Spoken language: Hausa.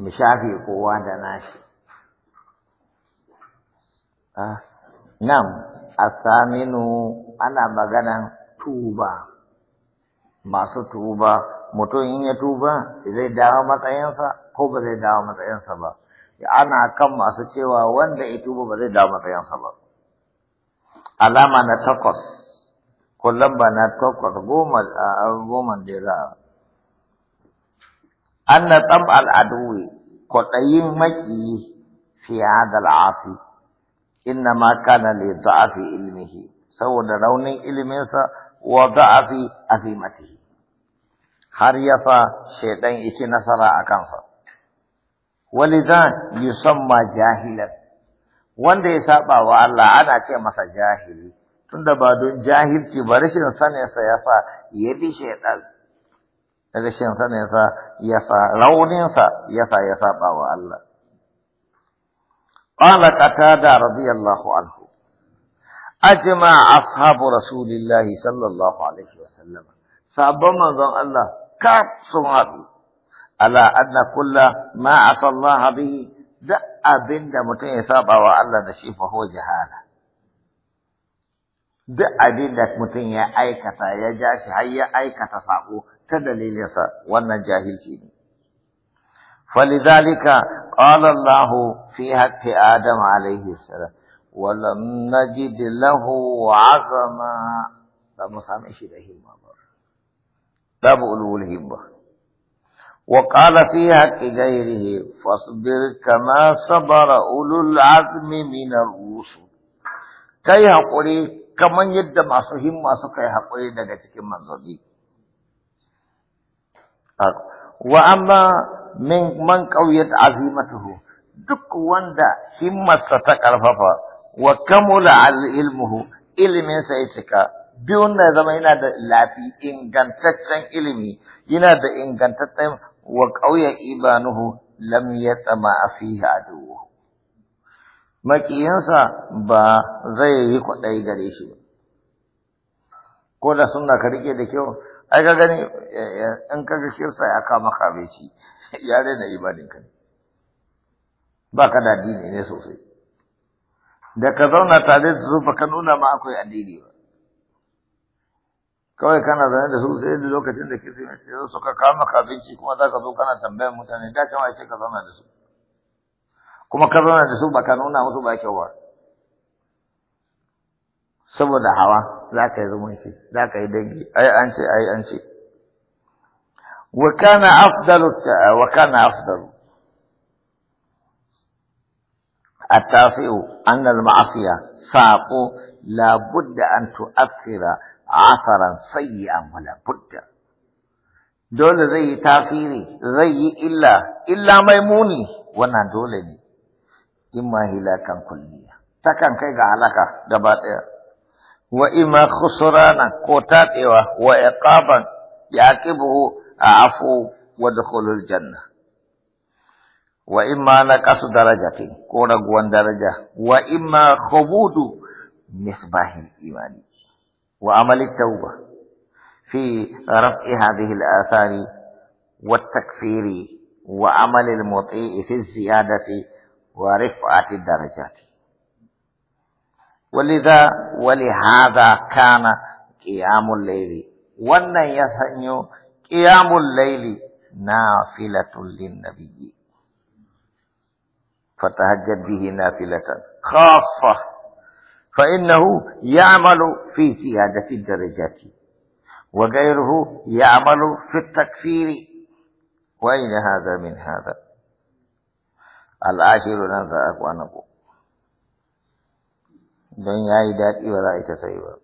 mu shafe kowa da nashi ah, nan a Saminu ana maganan tuba masu tuba mutum in ya tuba zai dawo matsayinsa ko ba zai dawo matsayinsa ba ana kan masu cewa wanda ya tuba ba zai dawo matsayinsa ba alama na takwas kullum ba na takwas goma ah, goma da za a anna tsab al'aduwi kwaɗayin maƙiyi fi hadal asi inna ma kana li da'afi ilmihi saboda raunin iliminsa wa fi azimatihi har ya fa shaidan yake nasara a kansa son yusamma jahilan wanda ya saba wa Allah ana ce masa jahili tunda ba don jahilci ba rashin sa ya sa ya bi shaidan rashin saninsa ya sa rauninsa ya sa ya saba wa Allah. Ƙala Qatada radiyallahu anhu ajma ashabu rasulillahi sallallahu alaihi wa sallam sabon manzon Allah ka sun haɗu ala anna kulla ma asallaha bihi da abinda mutum ya saba wa Allah da shi fa jahala duk abin da mutum ya aikata ya ja shi har ya aikata sako. تدليل يسا وانا جاهل ne فلذلك قال الله في حق آدم عليه السلام ولم نجد له عظما لا مسامش له المامر لا بقولوا الهمة وقال في حق غيره فاصبر كما صبر أولو العظم من الرسل كي حقولي كمن يد ما سهم ما سكي حقولي دقتك منظري wa amma min man qawiyat azimatuhu duk wanda himmarsa ta karfafa wa kamula al ilmuhu ilimin sa ya cika biyun na zama yana da lafi ingantaccen ilimi yana da ingantaccen wa qawya ibanuhu lam yatama fiha aduhu makiyansa ba zai yi kwaɗayi gare shi ba ko da suna ka rike da kyau ai ka gani in ka ga shirsa ya kama kame shi ya daina ibadin ka ne ba ka da addini ne sosai da ka zauna tare da su ka nuna ma akwai addini ba kawai kana zaune da su sai da lokacin da kirsimeti ya suka kama maka kuma za ka zo kana tambayar mutane da kama sai ka zauna da su kuma ka zauna da su ba ka nuna musu ba kyau ba saboda hawa za ka yi zumunci za ka yi dangi ai an ce ai an ce wa kana afdalu wa kana afdalu التاسع أن المعصية ساق لا بد أن تؤثر أثرا سيئا ولا بد dole zai yi tasiri zai yi illa illa mai muni wannan dole ne imma hilakan kulliya kan kai ga halaka gaba ɗaya وإما خسرانا كوتاتيوا إيوه، وعقابا يعاقبه عفو ودخول الجنة وإما نقص درجة كون درجة وإما خبود مصباح الإيمان وعمل التوبة في رفع هذه الآثار والتكفير وعمل المطيع في الزيادة ورفعة الدرجات ولذا ولهذا كان قيام الليل وان يسنيو قيام الليل نافلة للنبي فتهجد به نافلة خاصة فإنه يعمل في زيادة الدرجات وغيره يعمل في التكفير وأين هذا من هذا العاشر أبو أخوانكم don ya yi daɗi ba za a yi ta sai ba